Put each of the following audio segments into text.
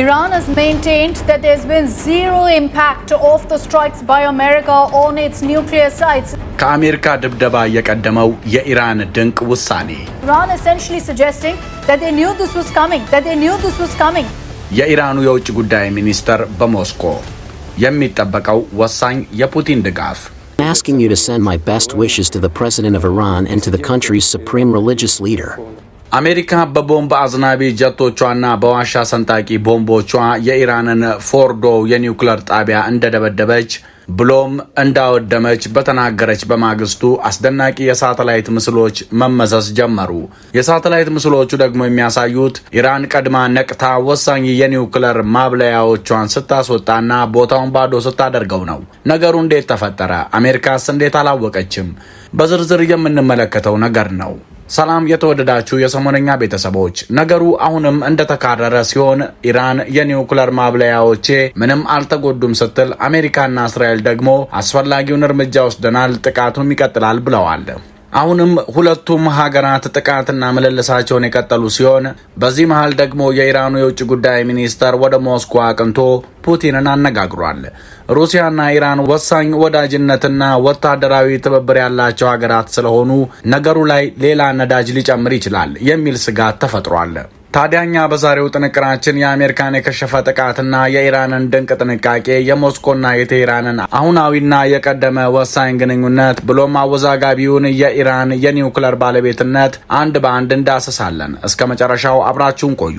Iran has maintained that there's been zero impact of the strikes by America on its nuclear sites. ከአሜሪካ ድብደባ የቀደመው የኢራን ድንቅ ውሳኔ Iran essentially suggesting that they knew this was coming, that they knew this was coming. የኢራኑ የውጭ ጉዳይ ሚኒስተር በሞስኮ የሚጠበቀው ወሳኝ የፑቲን ድጋፍ I'm asking you to send my best wishes to the president of Iran and to the country's supreme religious leader. አሜሪካ በቦምብ አዝናቢ ጀቶቿና በዋሻ ሰንጣቂ ቦምቦቿ የኢራንን ፎርዶ የኒውክለር ጣቢያ እንደደበደበች ብሎም እንዳወደመች በተናገረች በማግስቱ አስደናቂ የሳተላይት ምስሎች መመሰስ ጀመሩ። የሳተላይት ምስሎቹ ደግሞ የሚያሳዩት ኢራን ቀድማ ነቅታ ወሳኝ የኒውክለር ማብለያዎቿን ስታስወጣና ቦታውን ባዶ ስታደርገው ነው። ነገሩ እንዴት ተፈጠረ? አሜሪካስ እንዴት አላወቀችም? በዝርዝር የምንመለከተው ነገር ነው። ሰላም የተወደዳችሁ የሰሞነኛ ቤተሰቦች፣ ነገሩ አሁንም እንደተካረረ ሲሆን ኢራን የኒውክለር ማብለያዎቼ ምንም አልተጎዱም ስትል አሜሪካና እስራኤል ደግሞ አስፈላጊውን እርምጃ ወስደናል፣ ጥቃቱም ይቀጥላል ብለዋል። አሁንም ሁለቱም ሀገራት ጥቃትና ምልልሳቸውን የቀጠሉ ሲሆን በዚህ መሀል ደግሞ የኢራኑ የውጭ ጉዳይ ሚኒስተር ወደ ሞስኮ አቅንቶ ፑቲንን አነጋግሯል። ሩሲያና ኢራን ወሳኝ ወዳጅነትና ወታደራዊ ትብብር ያላቸው ሀገራት ስለሆኑ ነገሩ ላይ ሌላ ነዳጅ ሊጨምር ይችላል የሚል ስጋት ተፈጥሯል። ታዲያኛ በዛሬው ጥንቅራችን የአሜሪካን የከሸፈ ጥቃትና የኢራንን ድንቅ ጥንቃቄ የሞስኮና የቴህራንን አሁናዊና የቀደመ ወሳኝ ግንኙነት ብሎም አወዛጋቢውን የኢራን የኒውክለር ባለቤትነት አንድ በአንድ እንዳስሳለን። እስከ መጨረሻው አብራችሁን ቆዩ።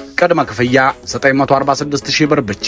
ቅድመ ክፍያ 946 ብር ብቻ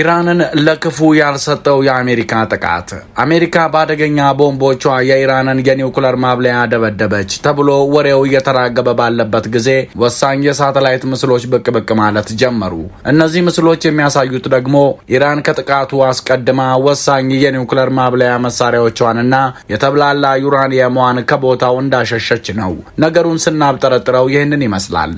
ኢራንን ለክፉ ያልሰጠው የአሜሪካ ጥቃት። አሜሪካ በአደገኛ ቦምቦቿ የኢራንን የኒውክለር ማብለያ ደበደበች ተብሎ ወሬው እየተራገበ ባለበት ጊዜ ወሳኝ የሳተላይት ምስሎች ብቅ ብቅ ማለት ጀመሩ። እነዚህ ምስሎች የሚያሳዩት ደግሞ ኢራን ከጥቃቱ አስቀድማ ወሳኝ የኒውክለር ማብለያ መሳሪያዎቿንና የተብላላ ዩራኒየሟን ከቦታው እንዳሸሸች ነው። ነገሩን ስናብጠረጥረው ይህንን ይመስላል።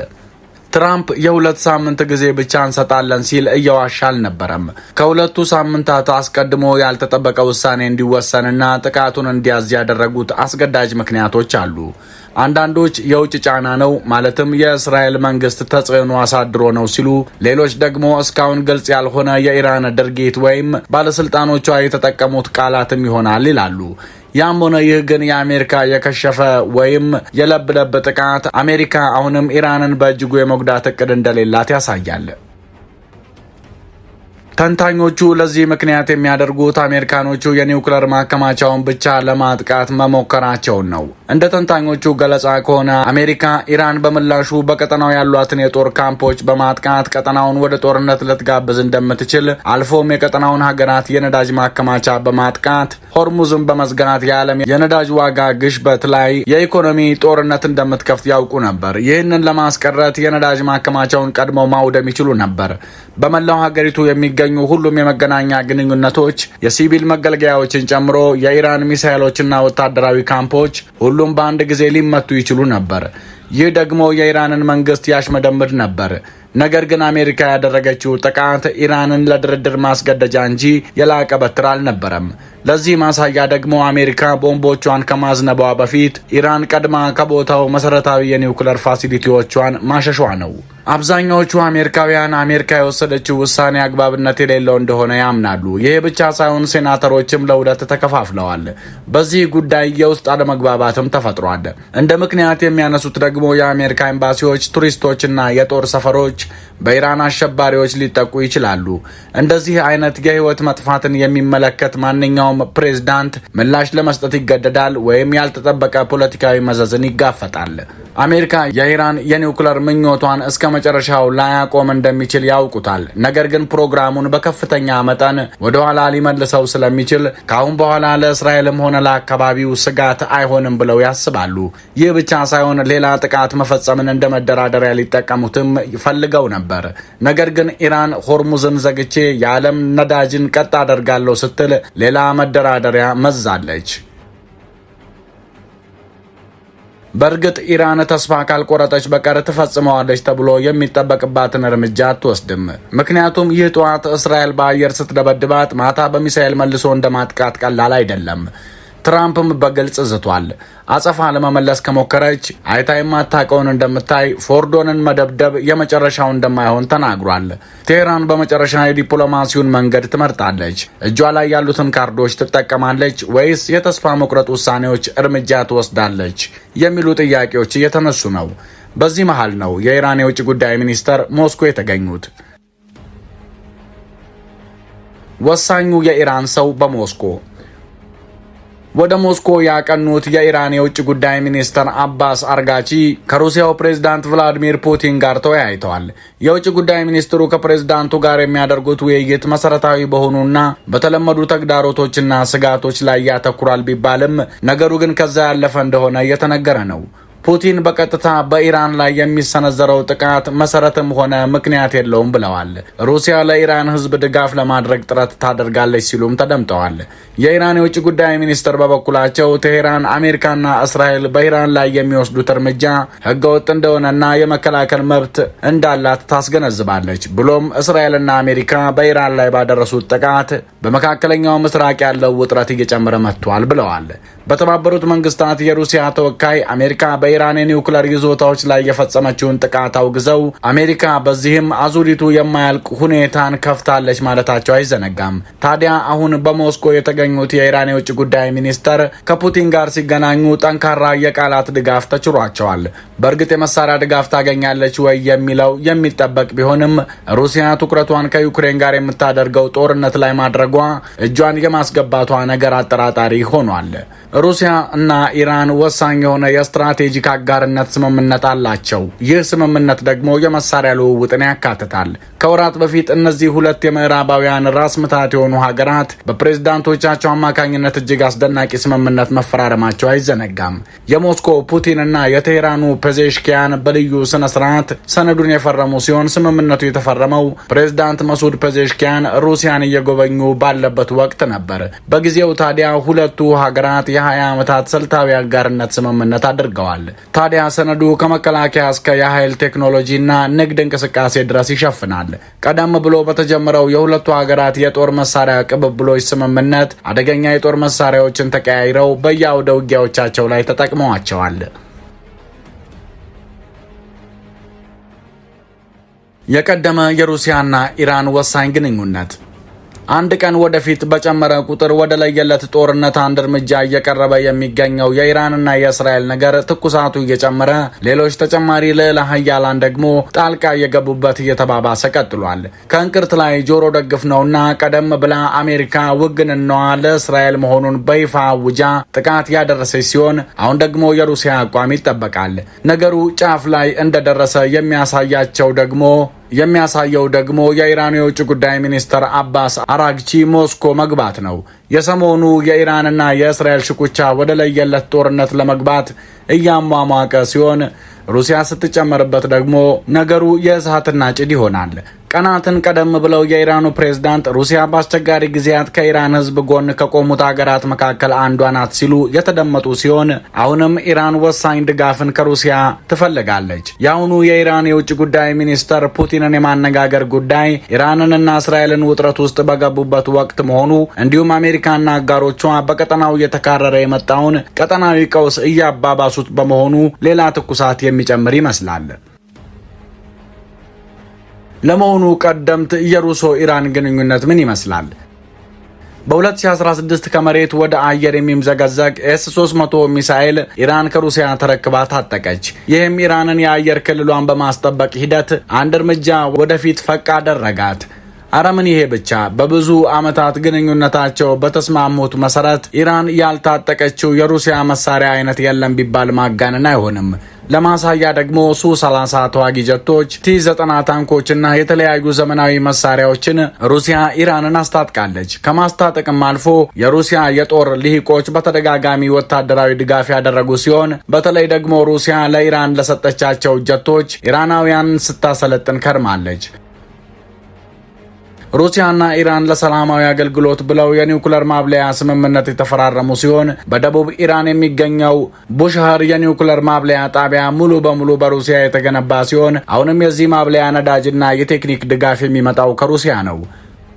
ትራምፕ የሁለት ሳምንት ጊዜ ብቻ እንሰጣለን ሲል እየዋሻ አልነበረም። ከሁለቱ ሳምንታት አስቀድሞ ያልተጠበቀ ውሳኔ እንዲወሰንና ጥቃቱን እንዲያዝ ያደረጉት አስገዳጅ ምክንያቶች አሉ። አንዳንዶች የውጭ ጫና ነው ማለትም የእስራኤል መንግስት ተጽዕኖ አሳድሮ ነው ሲሉ፣ ሌሎች ደግሞ እስካሁን ግልጽ ያልሆነ የኢራን ድርጊት ወይም ባለስልጣኖቿ የተጠቀሙት ቃላትም ይሆናል ይላሉ። ያም ሆነ ይህ ግን የአሜሪካ የከሸፈ ወይም የለብለብ ጥቃት አሜሪካ አሁንም ኢራንን በእጅጉ የመጉዳት እቅድ እንደሌላት ያሳያል። ተንታኞቹ ለዚህ ምክንያት የሚያደርጉት አሜሪካኖቹ የኒውክለር ማከማቻውን ብቻ ለማጥቃት መሞከራቸውን ነው። እንደ ተንታኞቹ ገለጻ ከሆነ አሜሪካ ኢራን በምላሹ በቀጠናው ያሏትን የጦር ካምፖች በማጥቃት ቀጠናውን ወደ ጦርነት ልትጋብዝ እንደምትችል አልፎም የቀጠናውን ሀገራት የነዳጅ ማከማቻ በማጥቃት ሆርሙዝን በመዝጋት የዓለም የነዳጅ ዋጋ ግሽበት ላይ የኢኮኖሚ ጦርነት እንደምትከፍት ያውቁ ነበር። ይህንን ለማስቀረት የነዳጅ ማከማቻውን ቀድሞ ማውደም ይችሉ ነበር። በመላው ሀገሪቱ የሚገኙ ሁሉም የመገናኛ ግንኙነቶች፣ የሲቪል መገልገያዎችን ጨምሮ የኢራን ሚሳይሎችና ወታደራዊ ካምፖች ሁሉም በአንድ ጊዜ ሊመቱ ይችሉ ነበር። ይህ ደግሞ የኢራንን መንግስት ያሽመደምድ ነበር። ነገር ግን አሜሪካ ያደረገችው ጥቃት ኢራንን ለድርድር ማስገደጃ እንጂ የላቀ በትር አልነበረም። ለዚህ ማሳያ ደግሞ አሜሪካ ቦምቦቿን ከማዝነቧ በፊት ኢራን ቀድማ ከቦታው መሰረታዊ የኒውክለር ፋሲሊቲዎቿን ማሸሿ ነው። አብዛኛዎቹ አሜሪካውያን አሜሪካ የወሰደችው ውሳኔ አግባብነት የሌለው እንደሆነ ያምናሉ። ይሄ ብቻ ሳይሆን ሴናተሮችም ለሁለት ተከፋፍለዋል። በዚህ ጉዳይ የውስጥ አለመግባባትም ተፈጥሯል። እንደ ምክንያት የሚያነሱት ደግሞ የአሜሪካ ኤምባሲዎች፣ ቱሪስቶችና የጦር ሰፈሮች በኢራን አሸባሪዎች ሊጠቁ ይችላሉ። እንደዚህ አይነት የህይወት መጥፋትን የሚመለከት ማንኛውም የትኛውም ፕሬዝዳንት ምላሽ ለመስጠት ይገደዳል ወይም ያልተጠበቀ ፖለቲካዊ መዘዝን ይጋፈጣል። አሜሪካ የኢራን የኒውክለር ምኞቷን እስከ መጨረሻው ላያቆም እንደሚችል ያውቁታል። ነገር ግን ፕሮግራሙን በከፍተኛ መጠን ወደኋላ ሊመልሰው ስለሚችል ከአሁን በኋላ ለእስራኤልም ሆነ ለአካባቢው ስጋት አይሆንም ብለው ያስባሉ። ይህ ብቻ ሳይሆን ሌላ ጥቃት መፈጸምን እንደ መደራደሪያ ሊጠቀሙትም ፈልገው ነበር። ነገር ግን ኢራን ሆርሙዝን ዘግቼ የዓለም ነዳጅን ቀጥ አደርጋለሁ ስትል ሌላ መደራደሪያ መዛለች። በእርግጥ ኢራን ተስፋ ካልቆረጠች በቀር ትፈጽመዋለች ተብሎ የሚጠበቅባትን እርምጃ አትወስድም። ምክንያቱም ይህ ጠዋት እስራኤል በአየር ስትደበድባት ማታ በሚሳኤል መልሶ እንደማጥቃት ቀላል አይደለም። ትራምፕም በግልጽ ዝቷል። አጸፋ ለመመለስ ከሞከረች አይታ የማታውቀውን እንደምታይ ፎርዶንን መደብደብ የመጨረሻው እንደማይሆን ተናግሯል። ቴህራን በመጨረሻ የዲፕሎማሲውን መንገድ ትመርጣለች። እጇ ላይ ያሉትን ካርዶች ትጠቀማለች ወይስ የተስፋ መቁረጥ ውሳኔዎች እርምጃ ትወስዳለች የሚሉ ጥያቄዎች እየተነሱ ነው። በዚህ መሃል ነው የኢራን የውጭ ጉዳይ ሚኒስተር ሞስኮ የተገኙት። ወሳኙ የኢራን ሰው በሞስኮ ወደ ሞስኮ ያቀኑት የኢራን የውጭ ጉዳይ ሚኒስተር አባስ አርጋቺ ከሩሲያው ፕሬዝዳንት ቭላዲሚር ፑቲን ጋር ተወያይተዋል። የውጭ ጉዳይ ሚኒስትሩ ከፕሬዝዳንቱ ጋር የሚያደርጉት ውይይት መሰረታዊ በሆኑና በተለመዱ ተግዳሮቶችና ስጋቶች ላይ ያተኩራል ቢባልም ነገሩ ግን ከዛ ያለፈ እንደሆነ እየተነገረ ነው። ፑቲን በቀጥታ በኢራን ላይ የሚሰነዘረው ጥቃት መሰረትም ሆነ ምክንያት የለውም ብለዋል። ሩሲያ ለኢራን ህዝብ ድጋፍ ለማድረግ ጥረት ታደርጋለች ሲሉም ተደምጠዋል። የኢራን የውጭ ጉዳይ ሚኒስትር በበኩላቸው ቴሄራን፣ አሜሪካና እስራኤል በኢራን ላይ የሚወስዱት እርምጃ ሕገወጥ እንደሆነና የመከላከል መብት እንዳላት ታስገነዝባለች። ብሎም እስራኤልና አሜሪካ በኢራን ላይ ባደረሱት ጥቃት በመካከለኛው ምስራቅ ያለው ውጥረት እየጨመረ መጥቷል ብለዋል። በተባበሩት መንግስታት የሩሲያ ተወካይ አሜሪካ በኢራን የኒውክለር ይዞታዎች ላይ የፈጸመችውን ጥቃት አውግዘው አሜሪካ በዚህም አዙሪቱ የማያልቅ ሁኔታን ከፍታለች ማለታቸው አይዘነጋም። ታዲያ አሁን በሞስኮ የተገኙት የኢራን የውጭ ጉዳይ ሚኒስተር ከፑቲን ጋር ሲገናኙ ጠንካራ የቃላት ድጋፍ ተችሯቸዋል። በእርግጥ የመሳሪያ ድጋፍ ታገኛለች ወይ የሚለው የሚጠበቅ ቢሆንም ሩሲያ ትኩረቷን ከዩክሬን ጋር የምታደርገው ጦርነት ላይ ማድረጓ እጇን የማስገባቷ ነገር አጠራጣሪ ሆኗል። ሩሲያ እና ኢራን ወሳኝ የሆነ የስትራቴጂክ አጋርነት ስምምነት አላቸው። ይህ ስምምነት ደግሞ የመሳሪያ ልውውጥን ያካትታል። ከወራት በፊት እነዚህ ሁለት የምዕራባውያን ራስ ምታት የሆኑ ሀገራት በፕሬዝዳንቶቻቸው አማካኝነት እጅግ አስደናቂ ስምምነት መፈራረማቸው አይዘነጋም። የሞስኮ ፑቲን እና የቴሄራኑ ፔዜሽኪያን በልዩ ስነ ስርዓት ሰነዱን የፈረሙ ሲሆን ስምምነቱ የተፈረመው ፕሬዝዳንት መሱድ ፔዜሽኪያን ሩሲያን እየጎበኙ ባለበት ወቅት ነበር። በጊዜው ታዲያ ሁለቱ ሀገራት የሀያ ዓመታት ስልታዊ አጋርነት ስምምነት አድርገዋል። ታዲያ ሰነዱ ከመከላከያ እስከ የኃይል ቴክኖሎጂና ንግድ እንቅስቃሴ ድረስ ይሸፍናል። ቀደም ብሎ በተጀመረው የሁለቱ ሀገራት የጦር መሳሪያ ቅብብሎች ስምምነት አደገኛ የጦር መሳሪያዎችን ተቀያይረው በየአውደ ውጊያዎቻቸው ላይ ተጠቅመዋቸዋል። የቀደመ የሩሲያና ኢራን ወሳኝ ግንኙነት አንድ ቀን ወደፊት በጨመረ ቁጥር ወደ ለየለት ጦርነት አንድ እርምጃ እየቀረበ የሚገኘው የኢራንና የእስራኤል ነገር ትኩሳቱ እየጨመረ ሌሎች ተጨማሪ ልዕለ ሀያላን ደግሞ ጣልቃ እየገቡበት እየተባባሰ ቀጥሏል። ከእንቅርት ላይ ጆሮ ደግፍ ነውና ቀደም ብላ አሜሪካ ውግንናዋ ለእስራኤል መሆኑን በይፋ አውጃ ጥቃት ያደረሰች ሲሆን አሁን ደግሞ የሩሲያ አቋም ይጠበቃል። ነገሩ ጫፍ ላይ እንደደረሰ የሚያሳያቸው ደግሞ የሚያሳየው ደግሞ የኢራን የውጭ ጉዳይ ሚኒስትር አባስ አራግቺ ሞስኮ መግባት ነው። የሰሞኑ የኢራንና የእስራኤል ሽኩቻ ወደ ለየለት ጦርነት ለመግባት እያሟሟቀ ሲሆን ሩሲያ ስትጨመርበት ደግሞ ነገሩ የእሳትና ጭድ ይሆናል። ቀናትን ቀደም ብለው የኢራኑ ፕሬዝዳንት ሩሲያ በአስቸጋሪ ጊዜያት ከኢራን ህዝብ ጎን ከቆሙት አገራት መካከል አንዷ ናት ሲሉ የተደመጡ ሲሆን አሁንም ኢራን ወሳኝ ድጋፍን ከሩሲያ ትፈልጋለች። የአሁኑ የኢራን የውጭ ጉዳይ ሚኒስተር ፑቲንን የማነጋገር ጉዳይ ኢራንንና እስራኤልን ውጥረት ውስጥ በገቡበት ወቅት መሆኑ እንዲሁም አሜሪካና አጋሮቿ በቀጠናው እየተካረረ የመጣውን ቀጠናዊ ቀውስ እያባባሱት በመሆኑ ሌላ ትኩሳት የሚጨምር ይመስላል። ለመሆኑ ቀደምት የሩሶ ኢራን ግንኙነት ምን ይመስላል? በ2016 ከመሬት ወደ አየር የሚምዘገዘግ ኤስ 300 ሚሳኤል ኢራን ከሩሲያ ተረክባ ታጠቀች። ይህም ኢራንን የአየር ክልሏን በማስጠበቅ ሂደት አንድ እርምጃ ወደፊት ፈቅ አደረጋት። አረምን ይሄ ብቻ በብዙ ዓመታት ግንኙነታቸው በተስማሙት መሰረት ኢራን ያልታጠቀችው የሩሲያ መሳሪያ አይነት የለም ቢባል ማጋነን አይሆንም። ለማሳያ ደግሞ ሱ 30 ተዋጊ ጀቶች፣ ቲ 90 ታንኮችና የተለያዩ ዘመናዊ መሳሪያዎችን ሩሲያ ኢራንን አስታጥቃለች። ከማስታጠቅም አልፎ የሩሲያ የጦር ልሂቆች በተደጋጋሚ ወታደራዊ ድጋፍ ያደረጉ ሲሆን በተለይ ደግሞ ሩሲያ ለኢራን ለሰጠቻቸው ጀቶች ኢራናውያን ስታሰለጥን ከርማለች። ሩሲያና ኢራን ለሰላማዊ አገልግሎት ብለው የኒውክለር ማብለያ ስምምነት የተፈራረሙ ሲሆን በደቡብ ኢራን የሚገኘው ቡሽሃር የኒውክለር ማብለያ ጣቢያ ሙሉ በሙሉ በሩሲያ የተገነባ ሲሆን አሁንም የዚህ ማብለያ ነዳጅና የቴክኒክ ድጋፍ የሚመጣው ከሩሲያ ነው።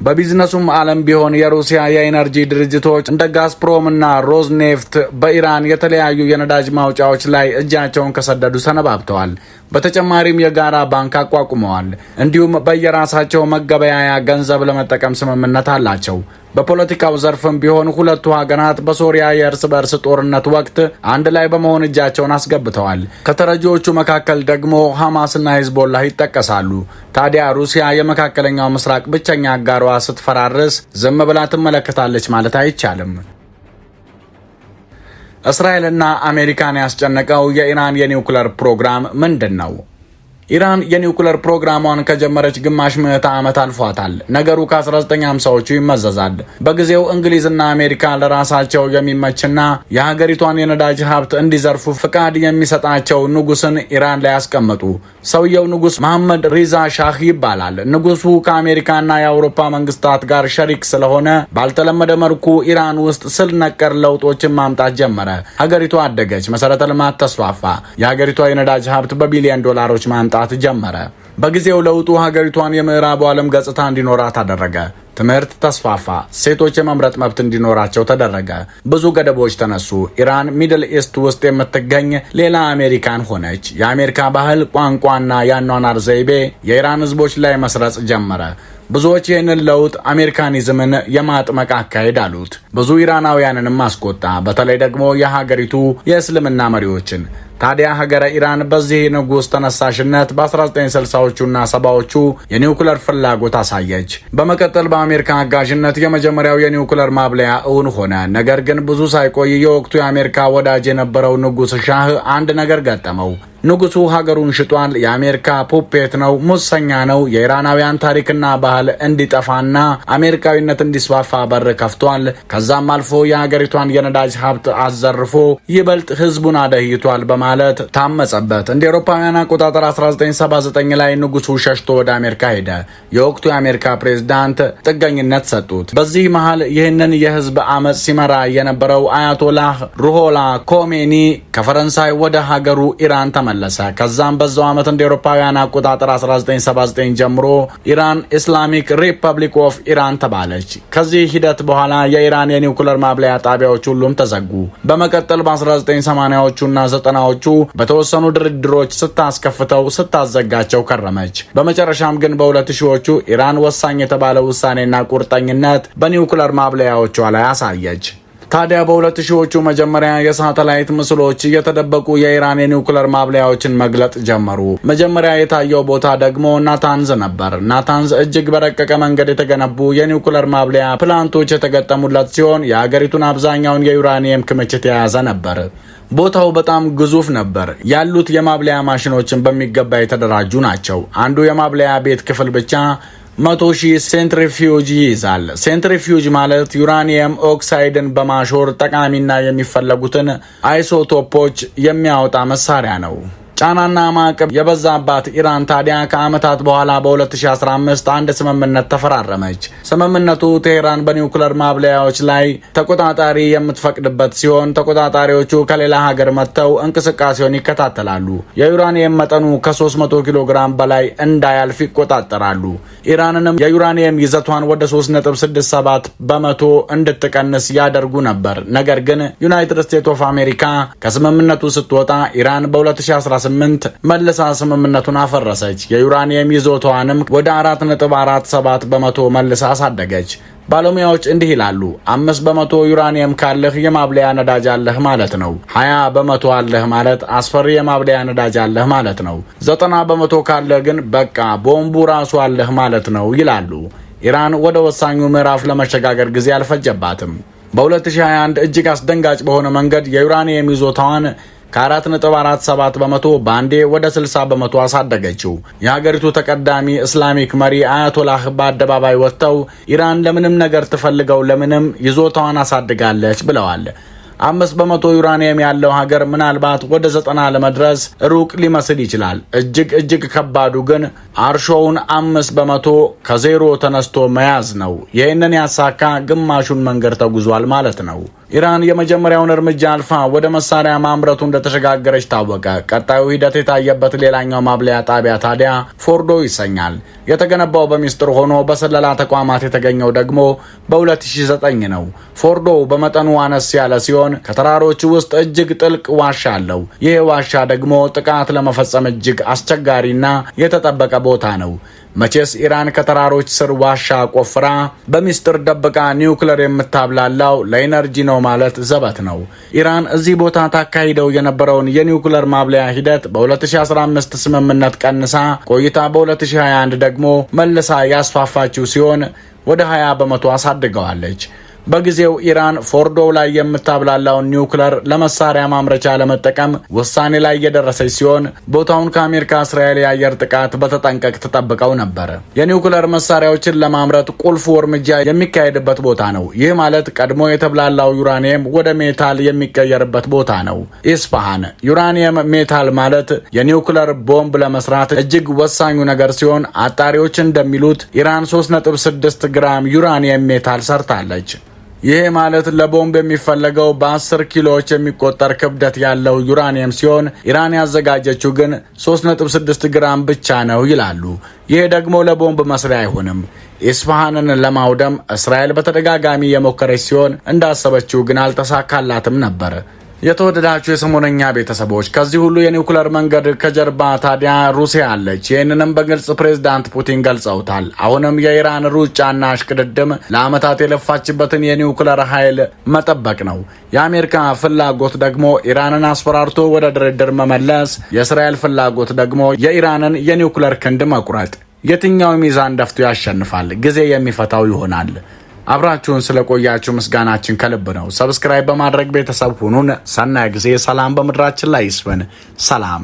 በቢዝነሱም ዓለም ቢሆን የሩሲያ የኤነርጂ ድርጅቶች እንደ ጋዝፕሮም እና ሮዝኔፍት በኢራን የተለያዩ የነዳጅ ማውጫዎች ላይ እጃቸውን ከሰደዱ ሰነባብተዋል። በተጨማሪም የጋራ ባንክ አቋቁመዋል። እንዲሁም በየራሳቸው መገበያያ ገንዘብ ለመጠቀም ስምምነት አላቸው። በፖለቲካው ዘርፍም ቢሆን ሁለቱ ሀገራት በሶሪያ የእርስ በእርስ ጦርነት ወቅት አንድ ላይ በመሆን እጃቸውን አስገብተዋል። ከተረጂዎቹ መካከል ደግሞ ሐማስና ሂዝቦላህ ይጠቀሳሉ። ታዲያ ሩሲያ የመካከለኛው ምስራቅ ብቸኛ አጋሯ ስትፈራርስ ዝም ብላ ትመለከታለች ማለት አይቻልም። እስራኤልና አሜሪካን ያስጨነቀው የኢራን የኒውክለር ፕሮግራም ምንድን ነው? ኢራን የኒውክለር ፕሮግራሟን ከጀመረች ግማሽ ምዕተ ዓመት አልፏታል። ነገሩ ከ1950ዎቹ ይመዘዛል። በጊዜው እንግሊዝና አሜሪካ ለራሳቸው የሚመችና የሀገሪቷን የነዳጅ ሀብት እንዲዘርፉ ፍቃድ የሚሰጣቸው ንጉስን ኢራን ላይ ያስቀመጡ ሰውየው ንጉስ መሐመድ ሪዛ ሻህ ይባላል። ንጉሱ ከአሜሪካና የአውሮፓ መንግስታት ጋር ሸሪክ ስለሆነ ባልተለመደ መልኩ ኢራን ውስጥ ስል ነቀር ለውጦችን ማምጣት ጀመረ። ሀገሪቷ አደገች፣ መሰረተ ልማት ተስፋፋ። የሀገሪቷ የነዳጅ ሀብት በቢሊዮን ዶላሮች ማምጣት ጀመረ። በጊዜው ለውጡ ሀገሪቷን የምዕራቡ ዓለም ገጽታ እንዲኖራት አደረገ። ትምህርት ተስፋፋ፣ ሴቶች የመምረጥ መብት እንዲኖራቸው ተደረገ፣ ብዙ ገደቦች ተነሱ። ኢራን ሚድል ኢስት ውስጥ የምትገኝ ሌላ አሜሪካን ሆነች። የአሜሪካ ባህል፣ ቋንቋና የአኗኗር ዘይቤ የኢራን ህዝቦች ላይ መስረጽ ጀመረ። ብዙዎች ይህንን ለውጥ አሜሪካኒዝምን የማጥመቅ አካሄድ አሉት። ብዙ ኢራናውያንንም አስቆጣ፣ በተለይ ደግሞ የሀገሪቱ የእስልምና መሪዎችን ታዲያ ሀገረ ኢራን በዚህ ንጉሥ ተነሳሽነት በ1960ዎቹና ሰባዎቹ የኒውክለር ፍላጎት አሳየች። በመቀጠል በአሜሪካ አጋዥነት የመጀመሪያው የኒውክለር ማብለያ እውን ሆነ። ነገር ግን ብዙ ሳይቆይ የወቅቱ የአሜሪካ ወዳጅ የነበረው ንጉሥ ሻህ አንድ ነገር ገጠመው። ንጉሱ ሀገሩን ሽጧል፣ የአሜሪካ ፑፔት ነው፣ ሙሰኛ ነው፣ የኢራናውያን ታሪክና ባህል እንዲጠፋና አሜሪካዊነት እንዲስፋፋ በር ከፍቷል። ከዛም አልፎ የሀገሪቷን የነዳጅ ሀብት አዘርፎ ይበልጥ ህዝቡን አደህይቷል በማለት ታመጸበት። እንደ አውሮፓውያን አቆጣጠር 1979 ላይ ንጉሱ ሸሽቶ ወደ አሜሪካ ሄደ። የወቅቱ የአሜሪካ ፕሬዝዳንት ጥገኝነት ሰጡት። በዚህ መሀል ይህንን የህዝብ አመፅ ሲመራ የነበረው አያቶላህ ሩሆላ ኮሜኒ ከፈረንሳይ ወደ ሀገሩ ኢራን ተመ ተመለሰ። ከዛም በዛው ዓመት እንደ አውሮፓውያን አቆጣጠር 1979 ጀምሮ ኢራን ኢስላሚክ ሪፐብሊክ ኦፍ ኢራን ተባለች። ከዚህ ሂደት በኋላ የኢራን የኒውክለር ማብለያ ጣቢያዎች ሁሉም ተዘጉ። በመቀጠል በ1980ዎቹና 90ዎቹ በተወሰኑ ድርድሮች ስታስከፍተው ስታዘጋቸው ከረመች። በመጨረሻም ግን በ2000ዎቹ ኢራን ወሳኝ የተባለ ውሳኔና ቁርጠኝነት በኒውክለር ማብለያዎቿ ላይ አሳየች። ታዲያ በሁለት ሺዎቹ መጀመሪያ የሳተላይት ምስሎች እየተደበቁ የኢራን የኒውክለር ማብለያዎችን መግለጥ ጀመሩ። መጀመሪያ የታየው ቦታ ደግሞ ናታንዝ ነበር። ናታንዝ እጅግ በረቀቀ መንገድ የተገነቡ የኒውክለር ማብለያ ፕላንቶች የተገጠሙለት ሲሆን የአገሪቱን አብዛኛውን የዩራኒየም ክምችት የያዘ ነበር። ቦታው በጣም ግዙፍ ነበር። ያሉት የማብለያ ማሽኖችን በሚገባ የተደራጁ ናቸው። አንዱ የማብለያ ቤት ክፍል ብቻ መቶ ሺህ ሴንትሪፊዩጅ ይይዛል። ሴንትሪፊዩጅ ማለት ዩራኒየም ኦክሳይድን በማሾር ጠቃሚና የሚፈለጉትን አይሶቶፖች የሚያወጣ መሳሪያ ነው። ጫናና ማዕቀብ የበዛባት ኢራን ታዲያ ከዓመታት በኋላ በ2015 አንድ ስምምነት ተፈራረመች። ስምምነቱ ቴህራን በኒውክለር ማብለያዎች ላይ ተቆጣጣሪ የምትፈቅድበት ሲሆን ተቆጣጣሪዎቹ ከሌላ ሀገር መጥተው እንቅስቃሴውን ይከታተላሉ። የዩራኒየም መጠኑ ከ300 ኪሎ ግራም በላይ እንዳያልፍ ይቆጣጠራሉ። ኢራንንም የዩራኒየም ይዘቷን ወደ 3.67 በመቶ እንድትቀንስ ያደርጉ ነበር። ነገር ግን ዩናይትድ ስቴትስ ኦፍ አሜሪካ ከስምምነቱ ስትወጣ ኢራን በ2016 2018 መልሳ ስምምነቱን አፈረሰች። የዩራኒየም ይዞታዋንም ወደ 4.47 በመቶ መልሳ አሳደገች። ባለሙያዎች እንዲህ ይላሉ። አምስት በመቶ ዩራኒየም ካለህ የማብለያ ነዳጅ አለህ ማለት ነው። ሀያ በመቶ አለህ ማለት አስፈሪ የማብለያ ነዳጅ አለህ ማለት ነው። ዘጠና በመቶ ካለህ ግን በቃ ቦምቡ ራሱ አለህ ማለት ነው ይላሉ። ኢራን ወደ ወሳኙ ምዕራፍ ለመሸጋገር ጊዜ አልፈጀባትም። በ2021 እጅግ አስደንጋጭ በሆነ መንገድ የዩራኒየም ይዞታዋን ከ4.47 በመቶ በአንዴ ወደ 60 በመቶ አሳደገችው። የሀገሪቱ ተቀዳሚ እስላሚክ መሪ አያቶላህ በአደባባይ ወጥተው ኢራን ለምንም ነገር ትፈልገው ለምንም ይዞታዋን አሳድጋለች ብለዋል። አምስት በመቶ ዩራኒየም ያለው ሀገር ምናልባት ወደ ዘጠና ለመድረስ ሩቅ ሊመስል ይችላል። እጅግ እጅግ ከባዱ ግን አርሾውን አምስት በመቶ ከዜሮ ተነስቶ መያዝ ነው። ይህንን ያሳካ ግማሹን መንገድ ተጉዟል ማለት ነው። ኢራን የመጀመሪያውን እርምጃ አልፋ ወደ መሳሪያ ማምረቱ እንደተሸጋገረች ታወቀ። ቀጣዩ ሂደት የታየበት ሌላኛው ማብለያ ጣቢያ ታዲያ ፎርዶ ይሰኛል። የተገነባው በሚስጥር ሆኖ በስለላ ተቋማት የተገኘው ደግሞ በ2009 ነው። ፎርዶ በመጠኑ አነስ ያለ ሲሆን ከተራሮች ውስጥ እጅግ ጥልቅ ዋሻ አለው። ይህ ዋሻ ደግሞ ጥቃት ለመፈጸም እጅግ አስቸጋሪና የተጠበቀ ቦታ ነው። መቼስ ኢራን ከተራሮች ስር ዋሻ ቆፍራ በሚስጥር ደብቃ ኒውክለር የምታብላላው ለኢነርጂ ነው ማለት ዘበት ነው። ኢራን እዚህ ቦታ ታካሂደው የነበረውን የኒውክለር ማብለያ ሂደት በ2015 ስምምነት ቀንሳ ቆይታ በ2021 ደግሞ መልሳ ያስፋፋችው ሲሆን ወደ 20 በመቶ አሳድገዋለች። በጊዜው ኢራን ፎርዶ ላይ የምታብላላውን ኒውክለር ለመሳሪያ ማምረቻ ለመጠቀም ውሳኔ ላይ የደረሰች ሲሆን ቦታውን ከአሜሪካ እስራኤል የአየር ጥቃት በተጠንቀቅ ተጠብቀው ነበር። የኒውክለር መሳሪያዎችን ለማምረት ቁልፉ እርምጃ የሚካሄድበት ቦታ ነው። ይህ ማለት ቀድሞ የተብላላው ዩራኒየም ወደ ሜታል የሚቀየርበት ቦታ ነው። ኢስፋሃን ዩራኒየም ሜታል ማለት የኒውክለር ቦምብ ለመስራት እጅግ ወሳኙ ነገር ሲሆን አጣሪዎች እንደሚሉት ኢራን 3.6 ግራም ዩራኒየም ሜታል ሰርታለች። ይህ ማለት ለቦምብ የሚፈለገው በ10 ኪሎዎች የሚቆጠር ክብደት ያለው ዩራኒየም ሲሆን ኢራን ያዘጋጀችው ግን 3.6 ግራም ብቻ ነው ይላሉ። ይህ ደግሞ ለቦምብ መስሪያ አይሆንም። ኢስፋሃንን ለማውደም እስራኤል በተደጋጋሚ የሞከረች ሲሆን እንዳሰበችው ግን አልተሳካላትም ነበር። የተወደዳችሁ የሰሞነኛ ቤተሰቦች ከዚህ ሁሉ የኒውክለር መንገድ ከጀርባ ታዲያ ሩሲያ አለች። ይህንንም በግልጽ ፕሬዝዳንት ፑቲን ገልጸውታል። አሁንም የኢራን ሩጫና አሽቅድድም ለዓመታት የለፋችበትን የኒውክለር ኃይል መጠበቅ ነው። የአሜሪካ ፍላጎት ደግሞ ኢራንን አስፈራርቶ ወደ ድርድር መመለስ፣ የእስራኤል ፍላጎት ደግሞ የኢራንን የኒውክለር ክንድ መቁረጥ። የትኛው ሚዛን ደፍቶ ያሸንፋል? ጊዜ የሚፈታው ይሆናል። አብራችሁን ስለቆያችሁ ምስጋናችን ከልብ ነው። ሰብስክራይብ በማድረግ ቤተሰብ ሁኑን። ሰናይ ጊዜ። ሰላም በምድራችን ላይ ይስፈን። ሰላም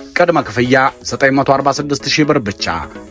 ቅድመ ክፍያ 946000 ሺህ ብር ብቻ